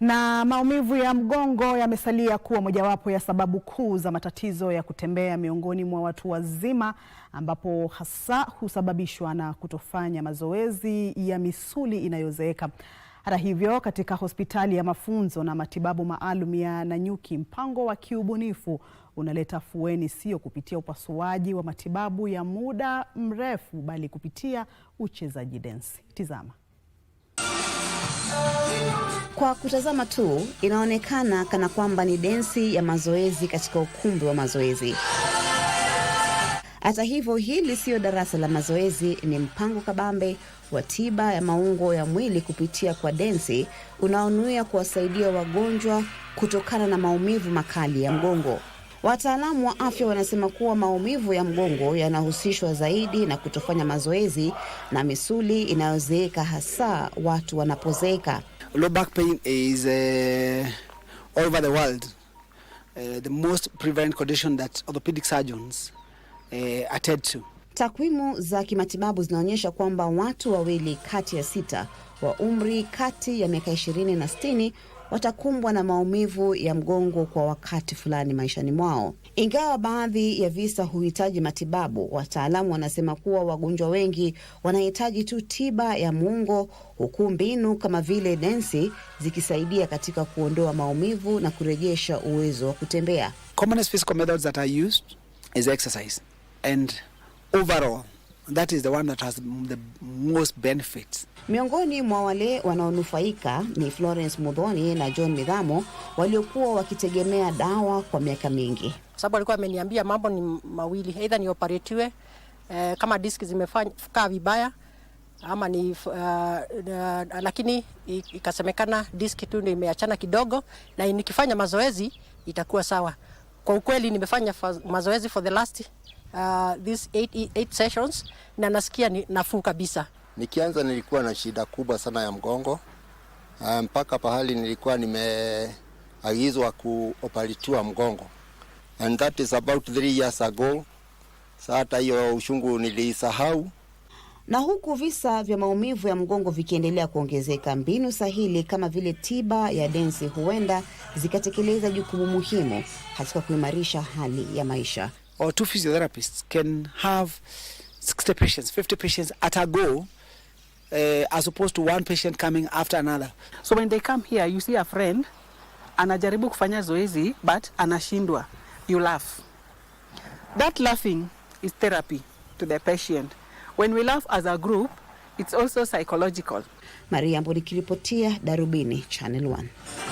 Na maumivu ya mgongo yamesalia kuwa mojawapo ya sababu kuu za matatizo ya kutembea miongoni mwa watu wazima ambapo hasa husababishwa na kutofanya mazoezi ya misuli inayozeeka. Hata hivyo, katika hospitali ya mafunzo na matibabu maalum ya Nanyuki, mpango wa kiubunifu unaleta afueni sio kupitia upasuaji wa matibabu ya muda mrefu bali kupitia uchezaji densi. Tizama. Kwa kutazama tu inaonekana kana kwamba ni densi ya mazoezi katika ukumbi wa mazoezi. Hata hivyo, hili siyo darasa la mazoezi, ni mpango kabambe wa tiba ya maungo ya mwili kupitia kwa densi unaonuia kuwasaidia wagonjwa kutokana na maumivu makali ya mgongo. Wataalamu wa afya wanasema kuwa maumivu ya mgongo yanahusishwa zaidi na kutofanya mazoezi na misuli inayozeeka, hasa watu wanapozeeka. Low back pain is uh, all over the world uh, the most prevalent condition that orthopedic surgeons uh, attend to. Takwimu za kimatibabu zinaonyesha kwamba watu wawili kati ya sita wa umri kati ya miaka 20 na 60 watakumbwa na maumivu ya mgongo kwa wakati fulani maishani mwao. Ingawa baadhi ya visa huhitaji matibabu, wataalamu wanasema kuwa wagonjwa wengi wanahitaji tu tiba ya muungo, huku mbinu kama vile densi zikisaidia katika kuondoa maumivu na kurejesha uwezo wa kutembea. Commonest physical methods that are used is exercise and overall That is the one that has the most benefits. Miongoni mwa wale wanaonufaika ni Florence Mudhoni na John Midhamo waliokuwa wakitegemea dawa kwa miaka mingi. Sababu alikuwa ameniambia mambo ni mawili, aidha ni operetiwe eh, kama diski zimekaa vibaya ama ni uh, uh, lakini ikasemekana diski tu ndio imeachana kidogo, na nikifanya mazoezi itakuwa sawa. Kwa ukweli nimefanya mazoezi for the last uh, this eight, eight sessions na nasikia ni nafuu kabisa. Nikianza nilikuwa na shida kubwa sana ya mgongo uh, mpaka um, pahali nilikuwa nimeagizwa kuoperatiwa mgongo and that is about three years ago. Sasa hiyo ushungu nilisahau na huku visa vya maumivu ya mgongo vikiendelea kuongezeka, mbinu sahili kama vile tiba ya densi huenda zikatekeleza jukumu muhimu katika kuimarisha hali ya maisha. Or two physiotherapists can have 60 patients, 50 patients at a go, uh, as opposed to one patient coming after another. So when they come here, you see a friend anajaribu kufanya zoezi but anashindwa. You laugh. That laughing is therapy to the patient. When we laugh as a group, it's also psychological. Maria Mbuni kiripotia Darubini Channel 1.